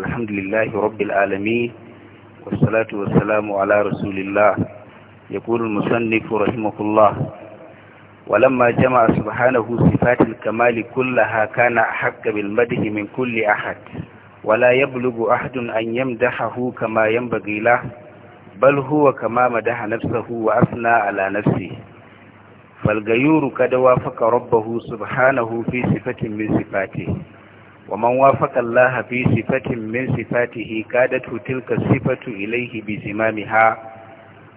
الحمد لله رب العالمين والصلاة والسلام على رسول الله يقول المصنف رحمه الله ولما جمع سبحانه صفات الكمال كلها كان أحق بالمدح من كل أحد ولا يبلغ أحد أن يمدحه كما ينبغي له بل هو كما مدح نفسه وأثنى على نفسه فالغيور قد وافق ربه سبحانه في صفة من صفاته ومن وافق الله في صفة من صفاته كادته تلك الصفة إليه بزمامها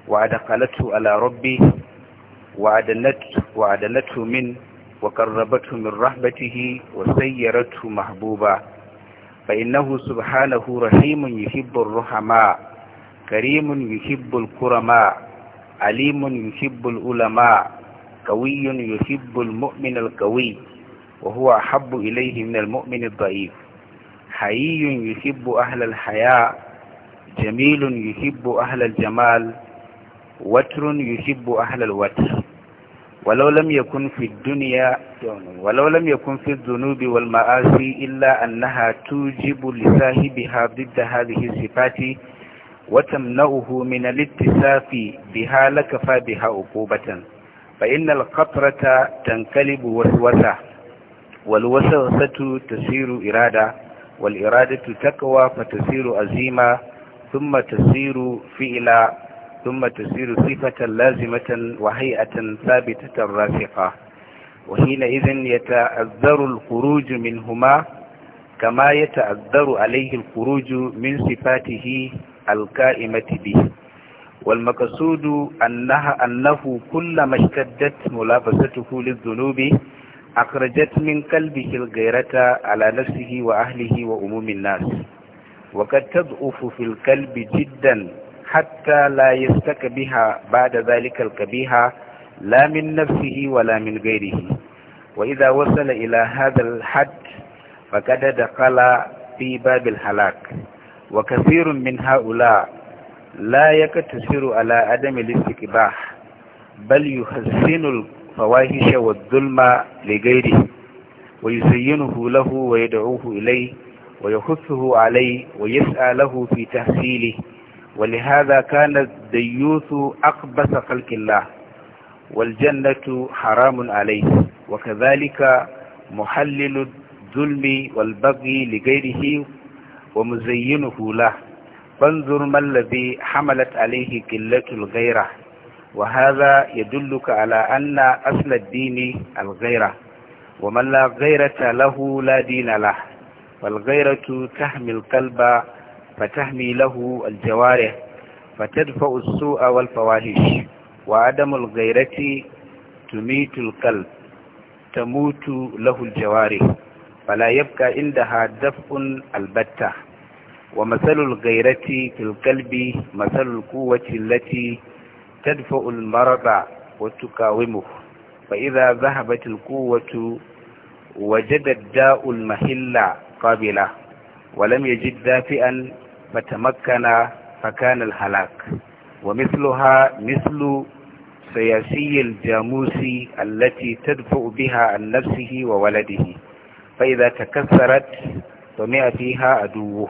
وأدخلته على ربه وعدلته, وعدلته من وقربته من رحبته وسيرته محبوبا فإنه سبحانه رحيم يحب الرحماء كريم يحب الكرماء عليم يحب العلماء قوي يحب المؤمن القوي وهو أحب إليه من المؤمن الضعيف حيي يحب أهل الحياء جميل يحب أهل الجمال وتر يحب أهل الوتر ولو لم يكن في الدنيا ولو لم يكن في الذنوب والمآسي إلا أنها توجب لصاحبها ضد هذه الصفات وتمنعه من الاتساف بها لكفى بها عقوبة فإن القطرة تنقلب وسوسة والوسوسة تسير إرادة والإرادة تقوى فتسير أزيمة ثم تسير فئلا ثم تسير صفة لازمة وهيئة ثابتة راسخة وحينئذ يتأذر الخروج منهما كما يتأذر عليه الخروج من صفاته القائمة به والمقصود أنها أنه كلما اشتدت ملابسته للذنوب أخرجت من قلبه الغيرة على نفسه وأهله وأموم الناس وقد تضعف في القلب جدا حتى لا يستك بها بعد ذلك القبيحة لا من نفسه ولا من غيره وإذا وصل إلى هذا الحد فقد دخل في باب الهلاك وكثير من هؤلاء لا يكتسر على عدم الاستكباح بل يحسن الفواهش والظلم لغيره ويزينه له ويدعوه إليه ويخصه عليه ويسعى له في تحصيله ولهذا كان الديوث أقبس خلق الله والجنة حرام عليه وكذلك محلل الظلم والبغي لغيره ومزينه له فانظر ما الذي حملت عليه قلة الغيرة وهذا يدلك على أن أصل الدين الغيرة ومن لا غيرة له لا دين له فالغيرة تحمي القلب فتحمي له الجوارح فتدفع السوء والفواحش وعدم الغيرة تميت القلب تموت له الجوارح فلا يبقى عندها دفء البتة ومثل الغيرة في القلب مثل القوة التي تدفع المرض وتقاومه فإذا ذهبت القوة وجد الداء المهلة قابله ولم يجد دافئا فتمكن فكان الهلاك ومثلها مثل سياسي الجاموس التي تدفع بها عن نفسه وولده فإذا تكسرت سمع فيها عدوه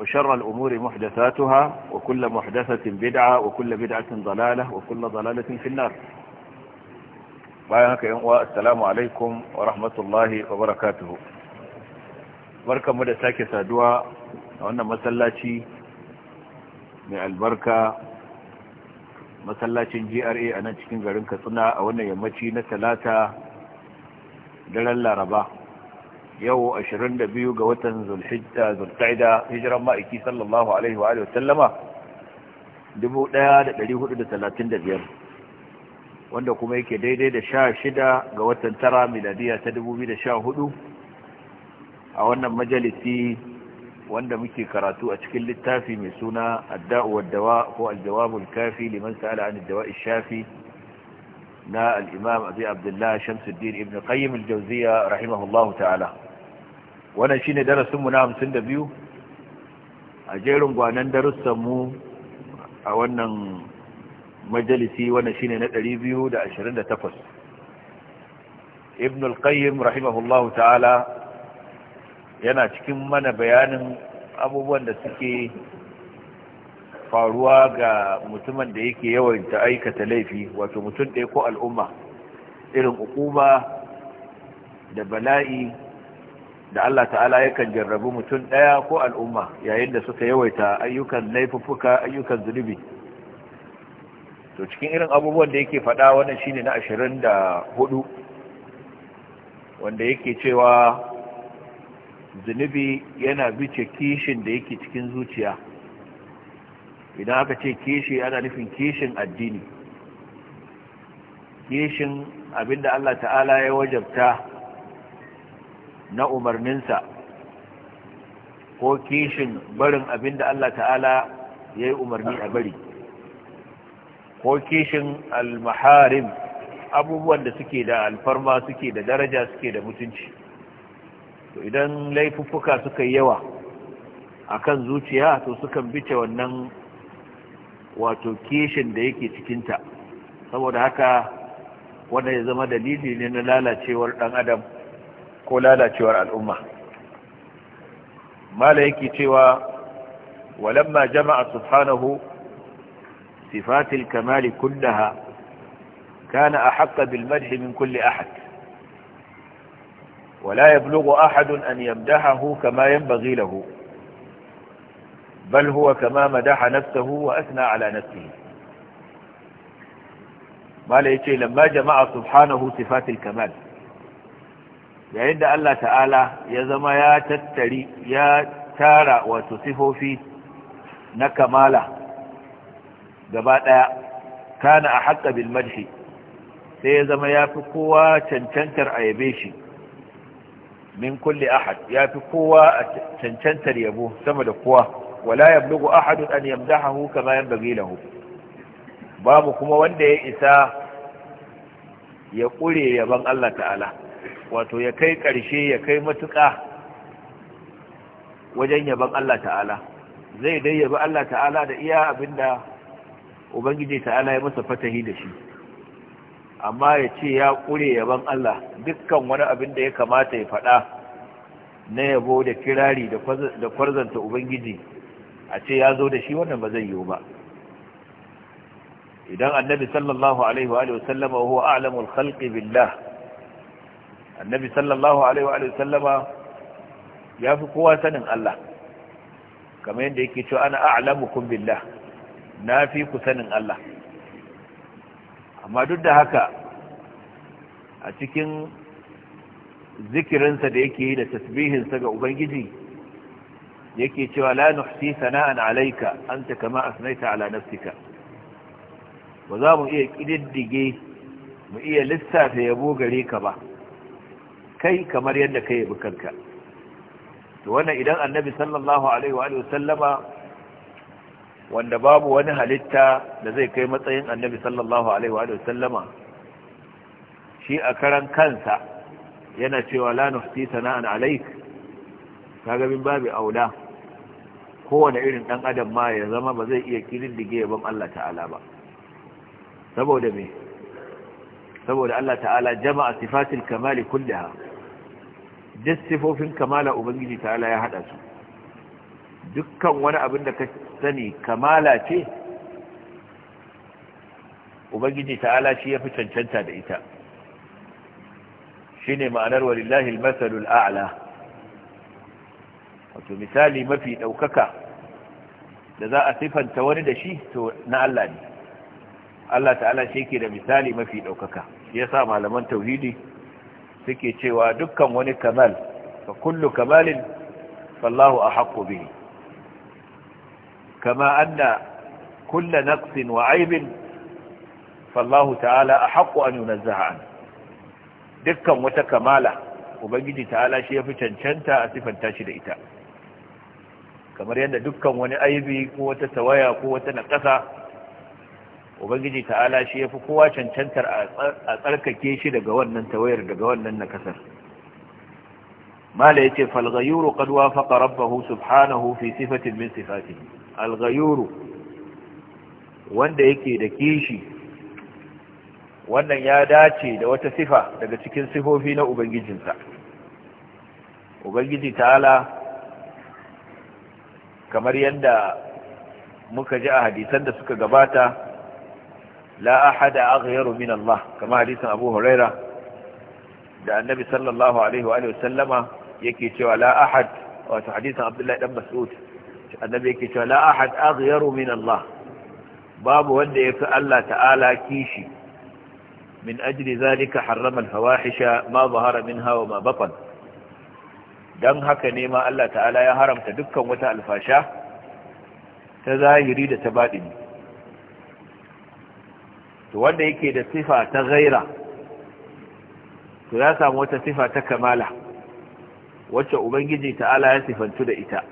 وشر الأمور محدثاتها وكل محدثة بدعة وكل بدعة ضلالة وكل ضلالة في النار بايهك ينقوى السلام عليكم ورحمة الله وبركاته بركة مدى ساكي سادوا وانا مسلاتي من البركة مسلاتي جي ار اي انا تشكين غرنك صنع وانا يمتي نتلاتا دلال رباه yau 22 ga watan zulhijja hijiran ma'aiki sallallahu alaihi wa sallama 1435 wanda kuma yake daidai da 16 ga watan tara miladiya ta 2014 a wannan majalisi wanda muke karatu a cikin littafi mai suna adda'u waddawa ko aljawabul kafi liman sa'ala an addawa'i shafi na al'imam abi abdullah shamsuddin ibn qayyim al-jawziya rahimahullahu ta'ala wannan shine darasinmu na hamsin da biyu a jerin gwanan darussanmu a wannan majalisi wannan shine na ɗari biyu da ashirin da takwas ibn al-qayyim rahimahullahu ta'ala yana cikin mana bayanin abubuwan da suke faruwa ga mutumin da yake yawan ta aikata laifi wato mutum ɗaya ko al'umma irin hukuma da bala'i da Allah ta'ala yakan jarrabu mutum ɗaya ko al'umma yayin da suka yawaita ayyukan laifuffuka ayyukan zunubi to cikin irin abubuwan da yake faɗa wannan shine na ashirin da hudu wanda yake cewa zunubi yana bice kishin da yake cikin zuciya idan aka ce kishi ana nufin kishin addini kishin abinda Allah ta'ala ya wajabta na umarninsa ko kishin barin abin da Allah ta'ala ya yi umarni a bari ko kishin almaharim abubuwan da suke da alfarma suke da daraja suke da mutunci to idan laifuffuka suka yi yawa akan zuciya to sukan bice wannan wato kishin da yake cikinta saboda haka wanda ya zama dalili ne na lalacewar dan adam ko lalacewar al'umma mala yake cewa walamma jama'a subhanahu sifatil kamali kullaha kana ahqqa bil madhi min kulli ahad ولا يبلغ أحد أن يمدحه كما bal huwa kama madaha كما مدح نفسه وأثنى على نفسه ما ليتي لما جمع سبحانه صفات الكمال yayin da Allah ta'ala ya zama ya tattari ya tara wato sifofi na kamala gaba daya kana a haƙa bil madhi sai ya zama ya fi kowa cancantar a shi min kulli ahad ya fi kowa a cancantar yabo sama da kowa wala yablugu ahadun an yamdahu kama yanbaghi lahu babu kuma wanda ya isa ya kure yaban Allah ta'ala wato ya kai ƙarshe ya kai matuƙa wajen yaban Allah ta'ala zai dai yabi Allah ta'ala da iya abinda ubangiji ta'ala ya masa fatahi da shi amma ya ce ya ƙure yaban Allah dukkan wani abin da ya kamata ya faɗa na yabo da kirari da kwarzanta ubangiji a ce ya zo da shi wannan ba zai yiwu ba idan annabi sallallahu alaihi wa sallama huwa a'lamul khalqi billah annabi sallallahu alaihi wa sallama ya fi kowa sanin Allah kamar yadda yake cewa ana a'lamukum billah na fi ku sanin Allah amma duk da haka a cikin zikirinsa da yake yi da tasbihinsa ga ubangiji yake cewa la nuhsi sana'an alayka anta kama asnaita ala nafsika ba za mu iya kididdige mu iya lissafa yabo gare ka ba kai kamar yadda ka yabi kanka to wannan idan annabi sallallahu alaihi wa sallama wanda babu wani halitta da zai kai matsayin annabi sallallahu alaihi wa sallama shi a karan kansa yana cewa la nuhsi sana'an alaik kaga bin babu aula kowane irin dan adam ma ya zama ba zai iya kididdige yabon Allah ta'ala ba saboda me saboda Allah ta'ala jama'a sifatil kamali kullaha duk sifofin kamala ubangiji ta'ala ya hada su dukkan wani abin da ka sani kamala ce ubangiji ta'ala shi ya fi cancanta da ita shi ne ma'anar walillahi masalul a'la wato misali mafi daukaka. da za a sifanta wani da shi to na Allah ne Allah ta'ala shi ke da misali mafi daukaka. shi ya sa malaman tauhidi suke cewa dukkan wani kamal fa kullu kamalin fallahu ahaqqu bihi kama anna kulla naqsin wa aibin fallahu ta'ala ahaqqu an yunazzaha an dukkan wata kamala ubangiji ta'ala shi yafi cancanta a sifanta shi da ita kamar yadda dukkan wani aibi ko wata tawaya ko wata naƙasa ubangiji ta'ala shi ya fi kowa cancantar a tsarkake shi daga wannan tawayar daga wannan nakasar mala yace fal ghayuru qad wafaqa rabbahu subhanahu fi sifatin min sifatin. al wanda yake da kishi wannan ya dace da wata sifa daga cikin sifofi na ubangijinsa ubangiji ta'ala kamar yadda muka ji a hadisan da suka gabata la ahada aghyaru min Allah kama hadisin Abu Huraira da Annabi sallallahu alaihi wa alihi wasallama yake cewa la ahad wato hadisin Abdullah dan Mas'ud Annabi yake cewa la ahad aghyaru min Allah babu wanda yafi Allah ta'ala kishi min ajli zalika harrama al-fawahisha ma zahara minha wa ma batan dan haka ne ma Allah ta'ala ya haramta dukkan wata alfasha ta zahiri da ta baɗini to wanda yake da sifa ta ghaira to ya samu wata sifa ta kamala wacce ubangiji ta'ala ya sifantu da ita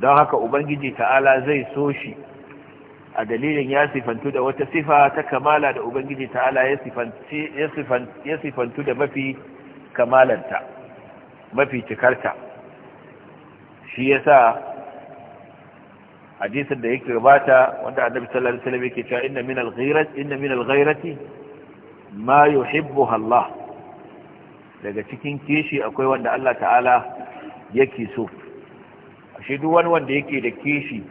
don haka ubangiji ta'ala zai so shi a dalilin ya sifantu da wata sifa ta kamala da ubangiji ta'ala ya sifantu da mafi kamalanta mafi cikarta shi yasa hadisin da yake gabata wanda annabi sallallahu alaihi wasallam yake cewa inna min al inna min al-ghairati ma yuhibbuha Allah daga cikin kishi akwai wanda Allah ta'ala yake so shi duk wani wanda yake da kishi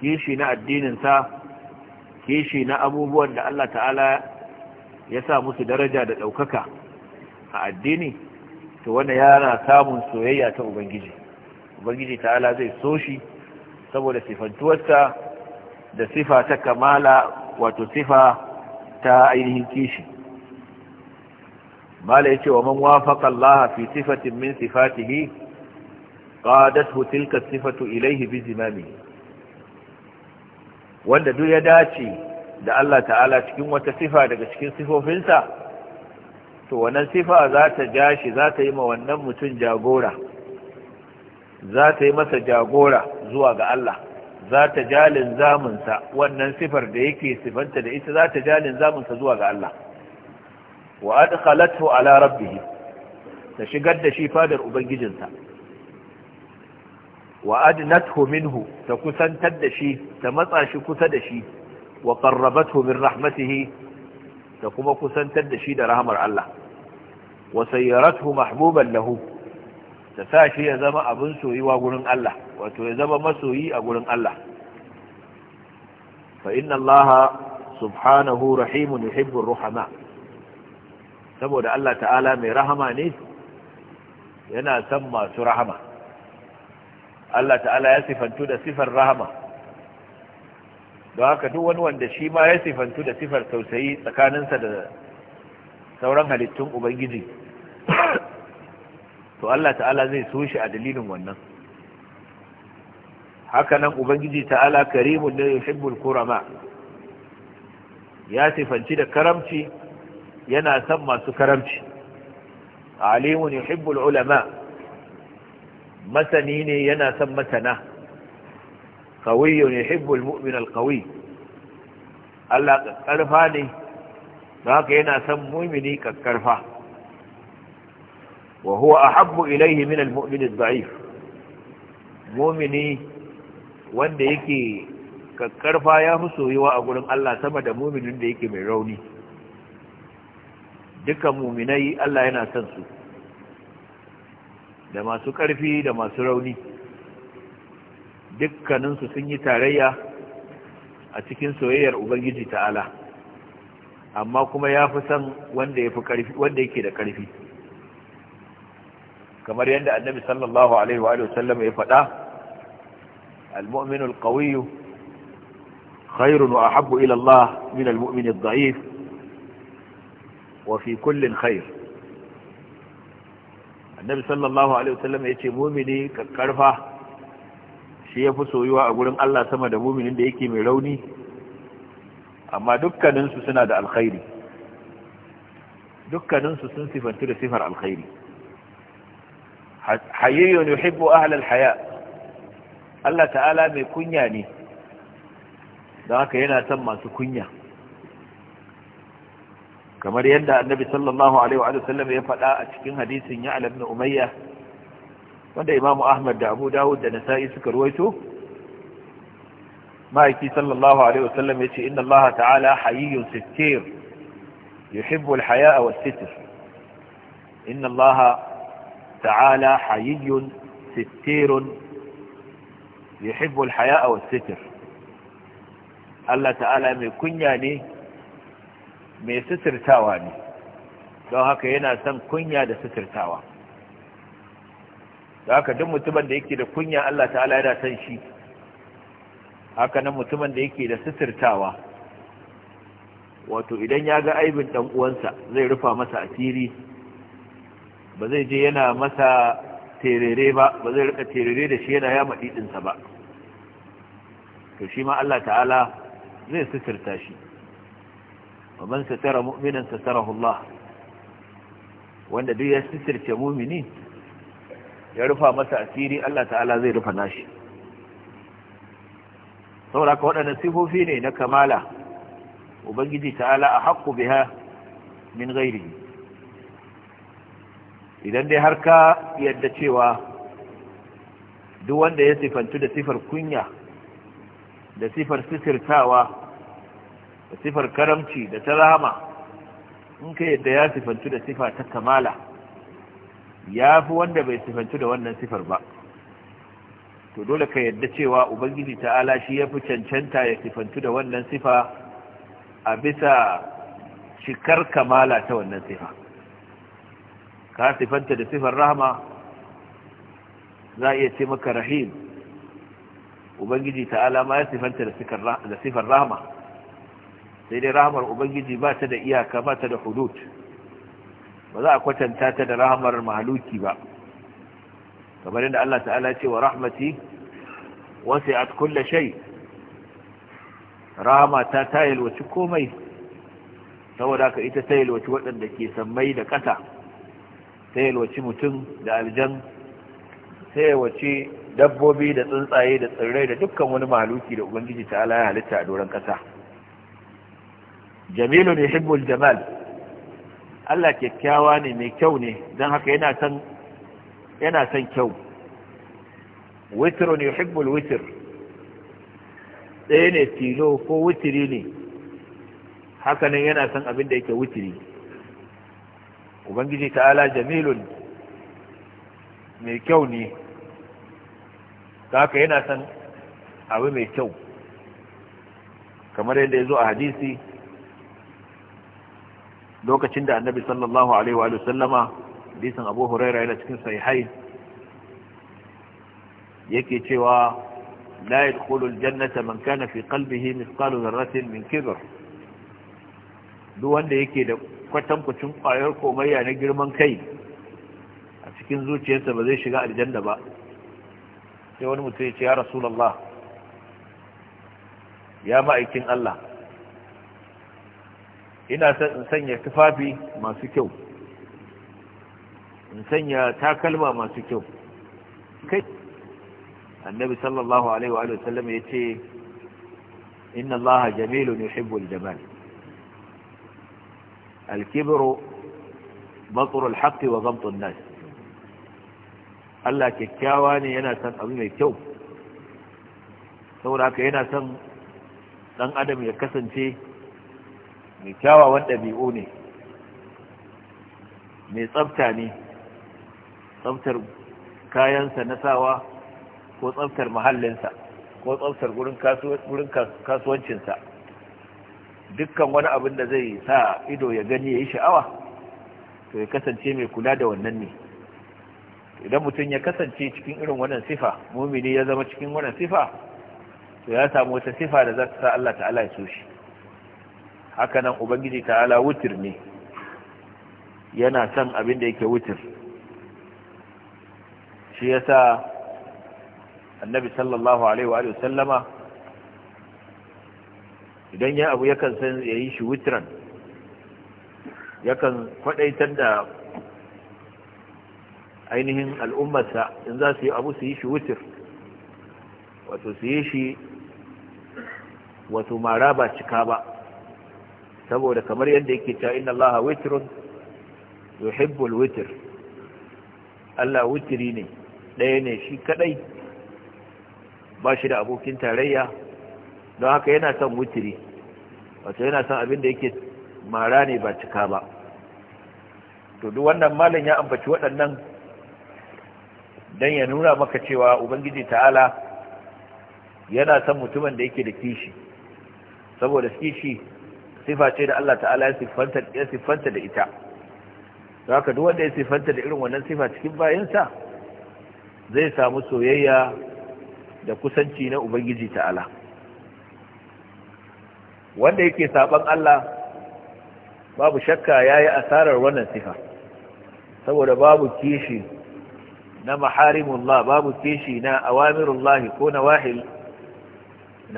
kishi na addinin sa kishi na abubuwan da Allah ta'ala ya sa musu daraja da daukaka a addini to wanda yana samun soyayya ta ubangiji ubangiji ta'ala zai so shi saboda sifantuwarsa da sifa ta kamala wato sifa ta ainihin kishi mala ce wa man wafaka Allah fi sifatin min sifatihi qadathu tilka sifatu ilayhi bi zimami wanda duk ya dace da Allah ta'ala cikin wata sifa daga cikin sifofinsa to wannan sifa za ta ja shi za ta yi ma wannan mutum jagora za ta yi masa jagora zuwa ga Allah za ta jalin zamunsa wannan sifar da yake sifanta da ita za ta jalin zamunsa zuwa ga Allah wa adkhalathu ala rabbih ta shigar da shi fadar ubangijinsa wa adnathu minhu ta kusantar da shi ta matsa shi kusa da shi wa qarrabathu min rahmatihi ta kuma kusantar da shi da rahmar Allah wa sayyarathu mahbuban lahu ta sa shi ya zama abin soyuwa gurin Allah wato ya zama masoyi a gurin Allah fa inna Allah subhanahu rahimun yuhibbur ruhama saboda Allah ta'ala mai rahama ne yana son masu rahama Allah ta'ala ya sifantu da sifar rahama don haka duk wani wanda shi ma ya sifantu da sifar tausayi tsakaninsa da sauran halittun ubangiji to Allah ta'ala zai so shi a dalilin wannan haka nan ubangiji ta'ala karimun ne yuhibbul kurama ya sifanci da karamci yana son masu karamci alimun yuhibbul ulama masani ne yana son masana qawiyyun yuhibbul mu'min alqawi Allah karfa ne haka yana san mu'mini kakkarfa وهو أحب إليه من المؤمن الضعيف مؤمني wanda yake kakkarfa ya fi soyuwa a gurin Allah sama da mu'minin da yake mai rauni duka mu'minai Allah yana son su da masu karfi da masu rauni dukkaninsu sun yi tarayya a cikin soyayyar ubangiji ta'ala amma kuma ya fi son wanda yake da karfi kamar yadda annabi sallallahu alaihi wa sallam ya faɗa al-mu'minu al-qawiyyu khairun wa ahabbu ila Allah min al-mu'min ad-da'if wa fi kullin khair annabi sallallahu alaihi wa sallam yace mu'mini karfa shi yafi soyuwa a gurin Allah sama da mu'minin da yake mai rauni amma dukkaninsu suna da alkhairi dukkaninsu sun sifantu da sifar alkhairi hayyun yuhibbu ahlal haya Allah ta'ala mai kunya ne don haka yana son masu kunya kamar yadda annabi sallallahu alaihi wa sallam ya faɗa a cikin hadisin ya ibn umayya wanda imamu ahmad da abu dawud da nasa'i suka ruwaito ma'aiki sallallahu alaihi wa sallam ya ce inna allaha ta'ala hayyun sittir yuhibbu al a was-sitr inna allaha تعالى حيي ستير يحب الحياء والستر الله تعالى mai kunya ne mai sitirtawa ne don haka yana son kunya da sitirtawa da haka duk mutumin da yake da kunya Allah ta'ala yana son shi haka nan mutumin da yake da sitirtawa wato idan ya ga aibin dan uwansa zai rufa masa asiri ba zai je yana masa terere ba ba zai rika terere da shi yana ya maɗiɗinsa ba to shi ma Allah ta'ala zai suturta shi wa man satara mu'minan satarahu Allah wanda duk ya suturce mumini ya rufa masa asiri Allah ta'ala zai rufa nashi sauraka ka waɗannan sifofi ne na kamala ubangiji ta'ala a haƙƙu biya min ghairihi idan dai har ka yadda cewa duk wanda ya sifantu da sifar kunya da sifar sisirtawa da sifar karamci da ta rahama in ka yadda ya sifantu da sifa ta kamala ya fi wanda bai sifantu da wannan sifar ba to dole ka yadda cewa ubangiji ta'ala shi ya fi cancanta ya sifantu da wannan sifa a bisa cikar kamala ta wannan sifa ka sifanta da sifar rahama za a iya ce maka rahim ubangiji ta'ala ma ya sifanta da sifar rahama sai dai rahamar ubangiji ba ta da iyaka ba ta da hudud ba za a kwatanta ta da rahamar mahaluki ba kamar yadda Allah ta'ala ce wa rahmati wasi'at kulla shay rahama ta tayil wace komai saboda ka ita tayil wace waɗanda ke sammai da ƙasa sai yalwaci mutum da aljan sai yalwaci dabbobi da tsuntsaye da tsirrai da dukkan wani mahaluki da ubangiji ta ala ya halitta a doron ƙasa ne hibbul jamal Allah kyakkyawa ne mai kyau ne don haka yana son yana son kyau hibbul yuhibbul ɗaya ne tilo ko witiri ne hakanan yana son abin da yake witiri ubangiji ta Ala jamilun mai kyau ne ta haka yana son abu mai kyau kamar yadda ya zo a hadisi lokacin da annabi sallallahu alaihi wa sallama disan abu huraira yana cikin hai yake cewa la yadkhulul jannata man kana fi qalbihi mithqalu dharratin min kibr duk wanda yake da kwatankwacin ƙwayar komai na girman kai a cikin zuciyarsa ba zai shiga aljanna ba sai wani mutum ya ce ya rasulallah ya ma'aikin Allah ina in sanya tufafi masu kyau in sanya takalma masu kyau kai annabi sallallahu alaihi wa sallam ya ce inna allaha jamilun yuhibbul jamal alkibiru baturul haqqi wa ghamtun nas Allah kyakkyawa ne yana son abu mai kyau saboda haka yana son ɗan adam ya kasance mai kyawawan ɗabi'u ne mai tsafta ne tsaftar kayansa na sawa ko tsaftar mahallinsa ko tsaftar wurin kasuwancinsa dukkan wani abin da zai sa ido ya gani ya yi sha'awa to ya kasance mai kula da wannan ne idan mutum ya kasance cikin irin wannan sifa mumini ya zama cikin wannan sifa to ya samu wata sifa da za ta sa Allah ta'ala ya so shi haka nan ubangiji ta'ala wutir ne yana son abin da yake wutir shi yasa annabi sallallahu alaihi wa sallama idan ya abu yakan san ya yi shi witran yakan kwadaitar da ainihin al'ummarsa in za su yi abu su yi shi witir wato su yi shi wato mara ba cika ba saboda kamar yadda yake ta inna allaha witrun yuhibbul witir Allah witiri ne ɗaya ne shi kadai ba shi da abokin tarayya don haka yana son wutiri wato yana son abin da yake mara ne ba cika ba to duk wannan malam ya ambaci waɗannan don ya nuna maka cewa ubangiji ta'ala yana son mutumin da yake da kishi saboda kishi sifa ce da Allah ta'ala ya siffanta da ita za ka duk wanda ya sifanta da irin wannan sifa cikin bayansa zai samu soyayya da kusanci na ubangiji ta'ala wanda yake saban Allah babu shakka ya yi asarar wannan sifa saboda babu kishi na maharimullah babu kishi na awamirullahi ko na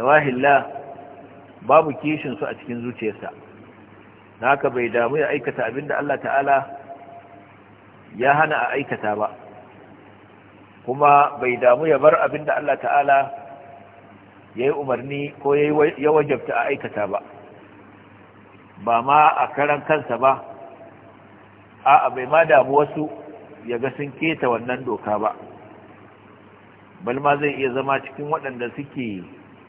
wahilla babu kishin su a cikin zuciyarsa na haka bai damu ya aikata abinda Allah ta'ala ya hana a aikata ba kuma bai damu ya bar abinda Allah ta'ala ya yi umarni ko ya wajabta a aikata ba ba ma a karan kansa ba a bai ma damu wasu ya ga sun keta wannan doka ba Balma zai iya zama cikin waɗanda suke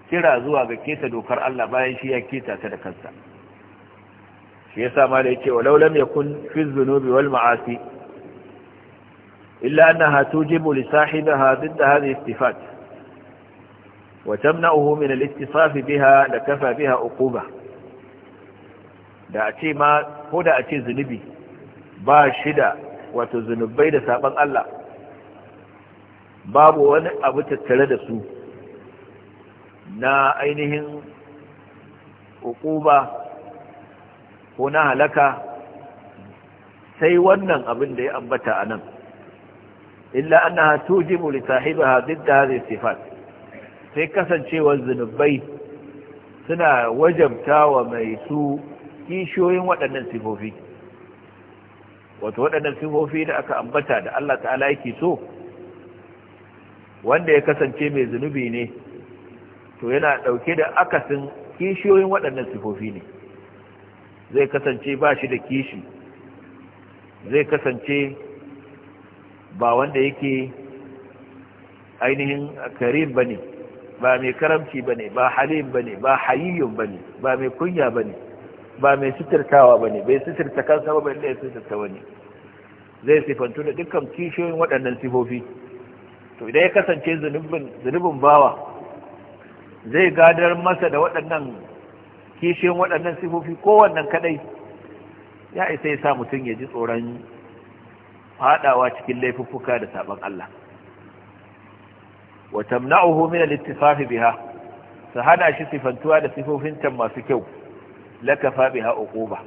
kira zuwa ga keta dokar Allah bayan shi ya keta ta da kansa shi ya sama da yake walau ya kun fi zunubi wal ma'asi illa annaha tujibu li didda hadhihi istifata وتمنعه من الاتصاف بها لكفى بها عقوبة da a ce ma ko da a ce zunubi ba da, wato zunubai da saban Allah babu wani abu tattare da su na ainihin hukuba ko na halaka sai wannan abin da ya ambata a nan illa annaha tujibu li sahibiha didda hadhihi sifat sai kasancewar zunubai suna wajabta wa mai su kishiyoyin waɗannan sifofi wato waɗannan sifofi da aka ambata da Allah ta'ala yake so wanda ya kasance mai zunubi ne to yana ɗauke da akasin kishiyoyin waɗannan sifofi ne zai kasance ba shi da kishi zai kasance ba wanda yake ainihin karim ba ne ba mai karamci bane ba halim bane ba ba bane ba mai kunya bane ba mai sitirtawa bane bai sitirta kansa ba balle ya sitirta ne. zai sifantu da dukkan kishiyoyin waɗannan sifofi to idan ya kasance zunubin bawa zai gadar masa da waɗannan kishiyoyin waɗannan sifofi kowannan kadai ya isa ya sa mutum ya ji tsoron faɗawa cikin laifuffuka da sabon Allah وتمنعه من الاتصاف بها فهنا شتي فانتوا لصفوف انت ما سكو لكفى بها أقوبة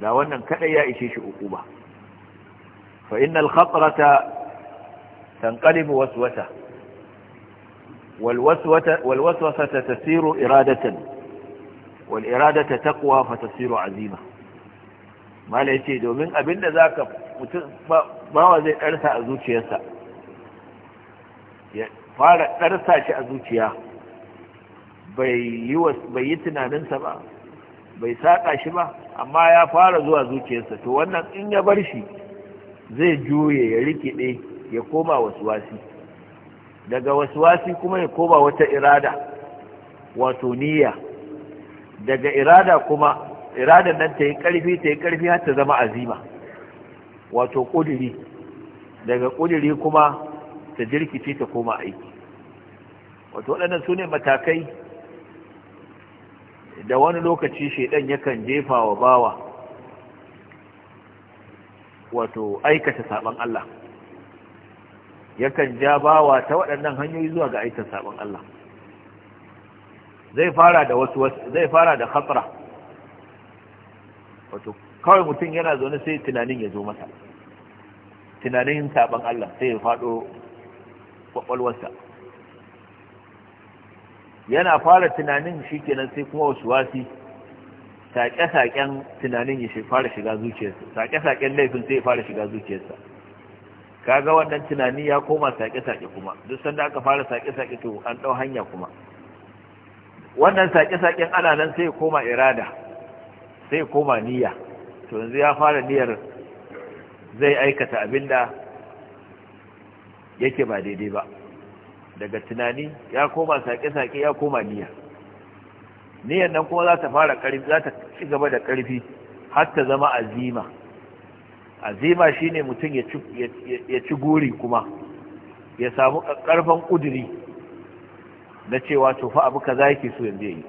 لا وانا كأي إشيش أقوبة فإن الخطرة تنقلب وسوسة والوسوسة تسير إرادة والإرادة تقوى فتسير عزيمة ما لا يتيدو من أبن ذاك ما وزي أرثى أزوتش يسأل ya fara ɗarsa shi a zuciya bai yi tunaninsa ba bai saƙa shi ba amma ya fara zuwa zuciyarsa to wannan in ya bar shi zai juye ya rikide ya koma wasuwasi daga wasuwasi kuma ya koma wata irada wato niyya daga irada kuma iradan nan ta yi ƙarfi ta yi ƙarfi har ta zama azima wato ƙudiri daga ƙudiri kuma ta jirkice ta koma aiki wato waɗannan su ne matakai da wani lokaci shaidan yakan jefa wa bawa wato aikata sabon Allah yakan ja bawa ta waɗannan hanyoyi zuwa ga aikata sabon Allah zai fara da wasu zai fara da khatra wato kawai mutum yana zaune sai tunanin ya zo masa tunanin sabon Allah sai ya faɗo kwakwalwarsa yana fara tunanin shi kenan sai kuma wasu wasi saƙe-saƙen tunanin ya fara shiga zuciyarsa saƙe-saƙen laifin sai ya fara shiga zuciyarsa kaga wannan tunani ya koma saƙe-saƙe kuma duk sanda aka fara saƙe-saƙe to an ɗau hanya kuma wannan saƙe-saƙen ana nan sai ya koma irada sai ya koma niyya to yanzu ya fara niyyar zai aikata abinda yake ba daidai ba daga tunani ya koma saƙe-saƙe ya koma niyya niyyar nan kuma za ta fara ƙarfi za ta ci gaba da ƙarfi har ta zama azima azima shine mutum ya ci guri kuma ya samu ƙarfan ƙuduri na cewa tofa abu ka za yake so yanzu yi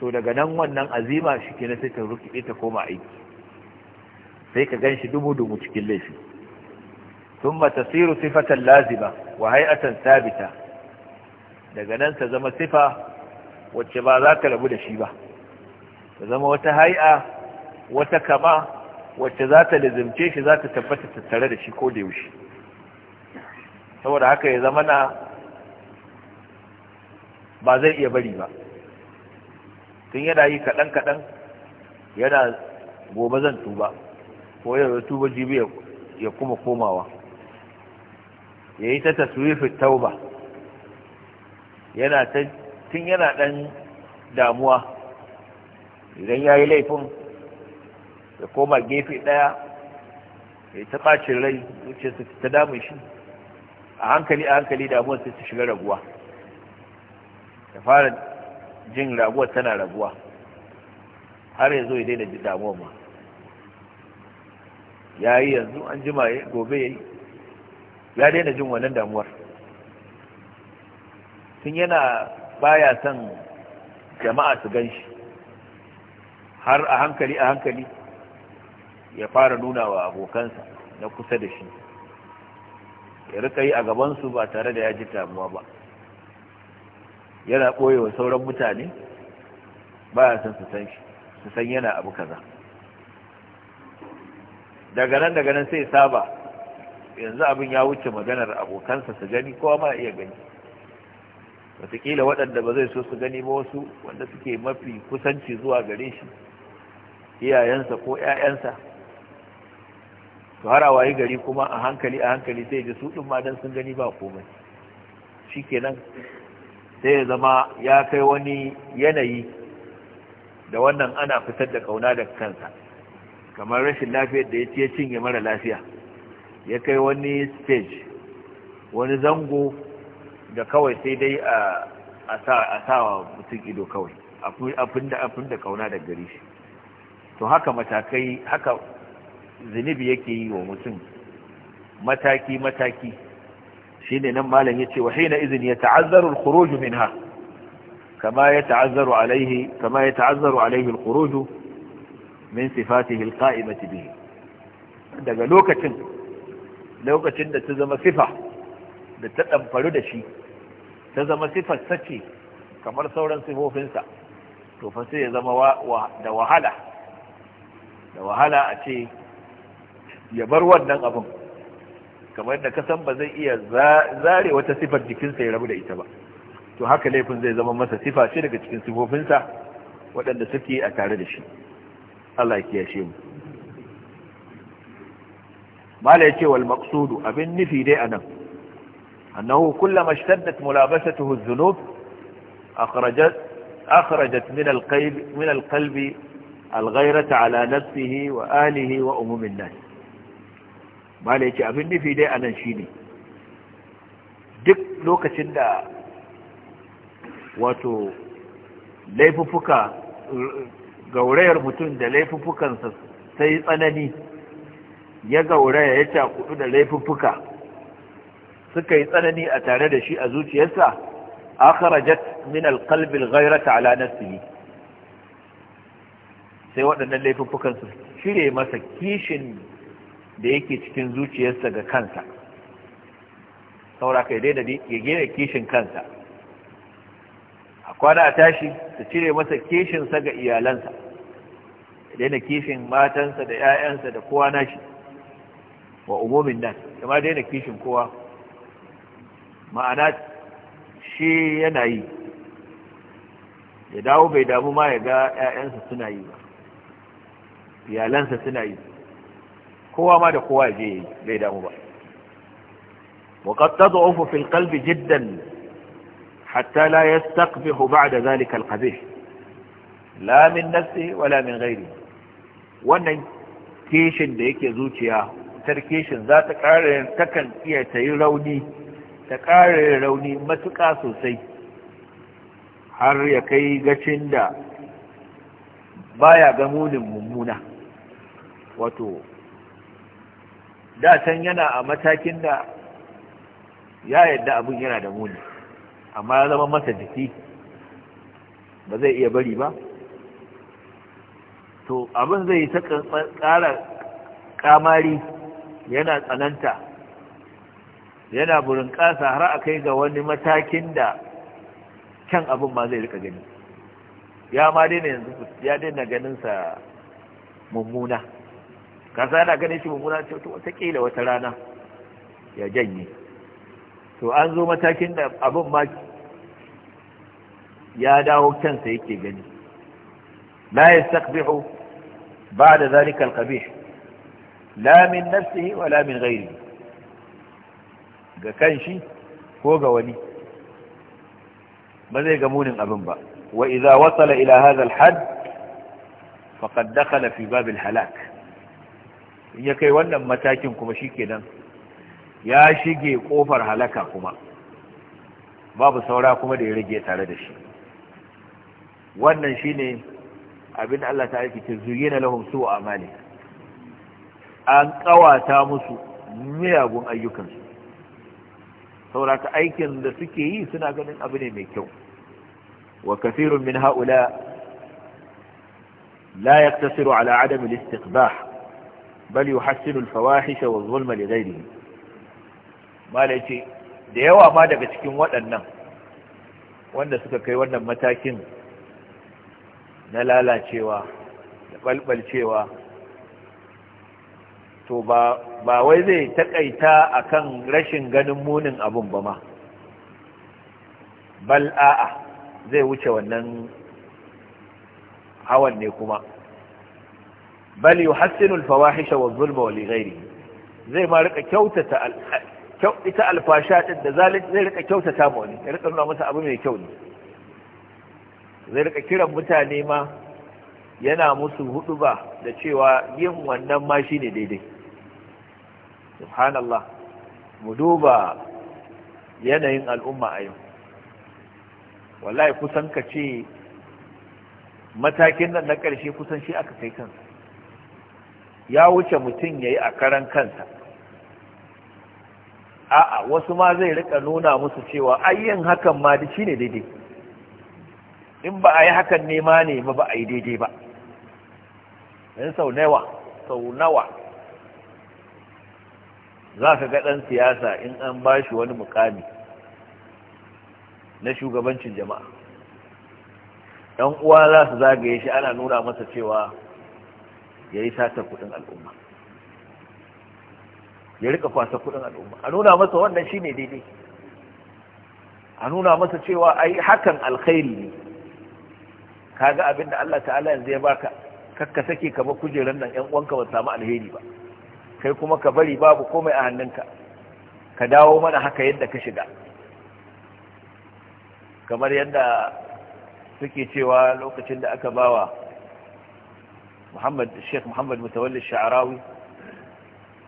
to daga nan wannan azima shi ke na sai ta rukide ta koma aiki sai ka ganshi shi dubu-dubu cikin laifi ثم تصير صفة لازمة وهيئة ثابتة daga nan ta zama sifa wacce ba za ka rabu da shi ba ta zama wata hai'a wata kama wacce za ta lizimce shi za ta tabbata tattare da shi ko da yaushe saboda haka ya zama na ba zai iya bari ba tun yana yi kaɗan-kaɗan yana gobe zan tuba ko yau ya tuba jibi ya kuma komawa ya yi ta taswifin tauba yana ta tun yana ɗan damuwa idan ya yi laifin ya koma gefe ɗaya ya ta ɓacin rai zuciyarsa ta damun shi a hankali a hankali damuwa sai ta shiga raguwa ya fara jin raguwa tana raguwa har yanzu ya daina damuwa ma ya yi yanzu an jima gobe ya yi ya daina jin wannan damuwar tun yana baya son jama'a su gan shi har a hankali a hankali ya fara nuna wa abokansa na kusa da shi ya rika yi a gabansu ba tare da ya ji damuwa ba yana wa sauran mutane baya son su san shi su san yana abu kaza daga nan daga nan sai saba yanzu abin ya wuce maganar abokansa su gani kowa ma iya gani wataƙila waɗanda ba zai so su gani ba wasu wanda suke mafi kusanci zuwa gare shi iyayensa ko 'ya'yansa su har gari kuma a hankali a hankali sai ji su ɗin ma don sun gani ba komai shi kenan sai ya zama ya kai wani yanayi da wannan ana fitar da kauna da kansa kamar rashin lafiyar da ya ce cinye mara lafiya ya kai wani stage wani zango da kawai sai dai a sawa mutum ido kawai fi da kauna da gari shi to haka matakai haka zunubi yake yi wa mutum mataki-mataki shi ne nan malam ya ce wa hina izini ya ta'azzaru al-khuruju minha kama ya ta'azzaru alaihi kama ya ta'azzaru alaihi al-khuruju min sifatihi al-qa'imati bihi daga lokacin lokacin da ta zama sifa da ta ɗamfaru da shi ta zama sifar sace kamar sauran sifofinsa to fa sai ya zama da wahala da wahala a ce ya bar wannan abin kamar da kasan ba zai iya zare wata sifar jikinsa ya rabu da ita ba to haka laifin zai zama masa sifa ce daga cikin sifofinsa waɗanda suke a tare da shi Allah ya kiyashe mu mala yace wal maqsudu abin nufi dai anan annahu kullama ishtaddat mulabasatuhu adh-dhunub akhrajat akhrajat min al-qalb min al-qalbi al-ghayrata ala nafsihi wa alihi wa umum an-nas mala yace abin nufi dai anan shine duk lokacin da wato laifufuka, gaurayar mutum da laifufukansa sai tsanani ya gaura ya yi cakudu da laifuffuka suka yi tsanani a tare da shi a zuciyarsa akharajat min alqalbi alghayrata ala nafsihi sai waɗannan laifuffukan su shire masa kishin da yake cikin zuciyarsa ga kansa saura kai da ya gina kishin kansa a kwana a tashi su cire masa kishinsa ga iyalansa daina kishin matansa da 'ya'yansa da kowa nashi wa umumin nan kama daina kishin kowa ma'ana shi yana yi ya dawo bai damu ma ya ga 'ya'yansa suna yi ba iyalansa suna yi kowa ma da kowa ya je bai damu ba وقد تضعف في القلب جدا حتى لا يستقبح بعد ذلك القبيح لا من نفسه ولا من غيره wannan kishin da yake zuciya tarke shi za ta ƙara takan iya ta yi rauni ta ƙara rauni matuƙa sosai har ya kai gacin da baya ga munin mummuna wato datan yana a matakin da ya yadda abin yana da muni amma ya zama masa jiki ba zai iya bari ba to abin zai ta ƙara kamari yana tsananta yana burin ƙasa har a kai ga wani matakin da can abin ma zai rika gani ya ma daina yanzu ya daina ganinsa mummuna kasa yana ganin shi mummuna ce watakila wata rana ya janye to an zo matakin da abin ma ya dawo kyansa yake gani la yastaqbihu ba da al-qabih Lamin min nafsihi wa la min ghairihi ga kanshi ko ga wani ba zai ga munin abin ba wa idza wasala ila hadha al faqad dakhala fi bab halak in ya kai wannan matakin kuma shikenan ya shige kofar halaka kuma babu saura kuma da ya rage tare da shi wannan shine abin Allah ta aiki ta na lahum su'u amali an kawata musu miyagun ayyukansu sauraka aikin da suke yi suna ganin abu ne mai kyau wa kafirun min haula la yaktasiru ala adam al-istiqbah bal yuhassinu al-fawahisha wa zulma li ghayrihi malaci da yawa ma daga cikin waɗannan wanda suka kai wannan matakin na lalacewa da balbalcewa to ba wai zai takaita akan rashin ganin munin abun ba ma bal a'a zai wuce wannan hawan ne kuma bal yuhassinu al-fawahisha wadh-dhulma wa li ghayrihi zai ma rika kyautata ita alfasha din da zalunci zai rika kyautata ma wani ya rika nuna masa abu mai kyau ne zai rika kiran mutane ma yana musu ba da cewa yin wannan ma shi ne daidai subhanallah mu duba yanayin al'umma a yau wallahi kusan ka ce matakin nan na ƙarshe kusan shi aka kai kansa ya wuce mutum ya yi a karan kansa a'a wasu ma zai rika nuna musu cewa ayyin hakan ma shi ne daidai in ba a yi hakan nema ne ma ba a yi daidai ba yanzu sau nawa sau nawa za ka ga ɗan siyasa in an ba shi wani mukami na shugabancin jama'a ɗan uwa za su zagaye shi ana nuna masa cewa ya yi satar kuɗin al'umma ya rika kwasa kuɗin al'umma a nuna masa wannan shi ne daidai a nuna masa cewa ai hakan alkhairi ne kaga abin da Allah ta'ala yanzu ya baka kakka sake ka ba kujeran nan ƴan uwanka ba samu alheri ba kai kuma ka bari babu komai a hannunka ka dawo mana haka yadda ka shiga kamar yadda suke cewa lokacin da aka bawa Muhammad Sheikh Muhammad Mutawalli Sha'rawi